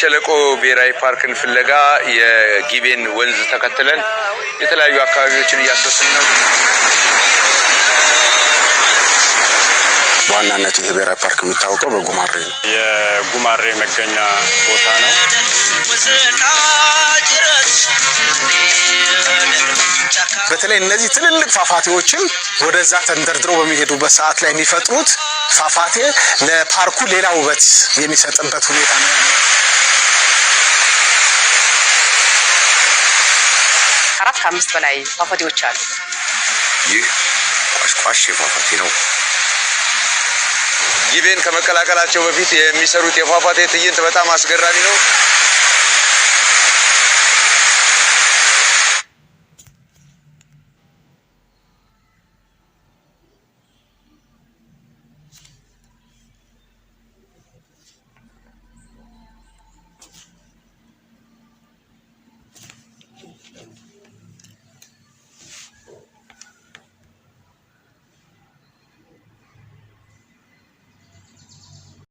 ሸለቆ ብሔራዊ ፓርክን ፍለጋ የጊቤን ወንዝ ተከትለን የተለያዩ አካባቢዎችን እያሰስን ነው። ዋናነት ይህ ብሔራዊ ፓርክ የሚታወቀው በጉማሬ ነው። የጉማሬ መገኛ ቦታ ነው። በተለይ እነዚህ ትልልቅ ፏፏቴዎችን ወደዛ ተንደርድረው በሚሄዱበት ሰዓት ላይ የሚፈጥሩት ፏፏቴ ለፓርኩ ሌላ ውበት የሚሰጥበት ሁኔታ ነው። ከአራት ከአምስት በላይ ፏፏቴዎች አሉ። ይህ ቋሽቋሽ ፏፏቴ ነው። ጊቤን ከመቀላቀላቸው በፊት የሚሰሩት የፏፏቴ ትዕይንት በጣም አስገራሚ ነው።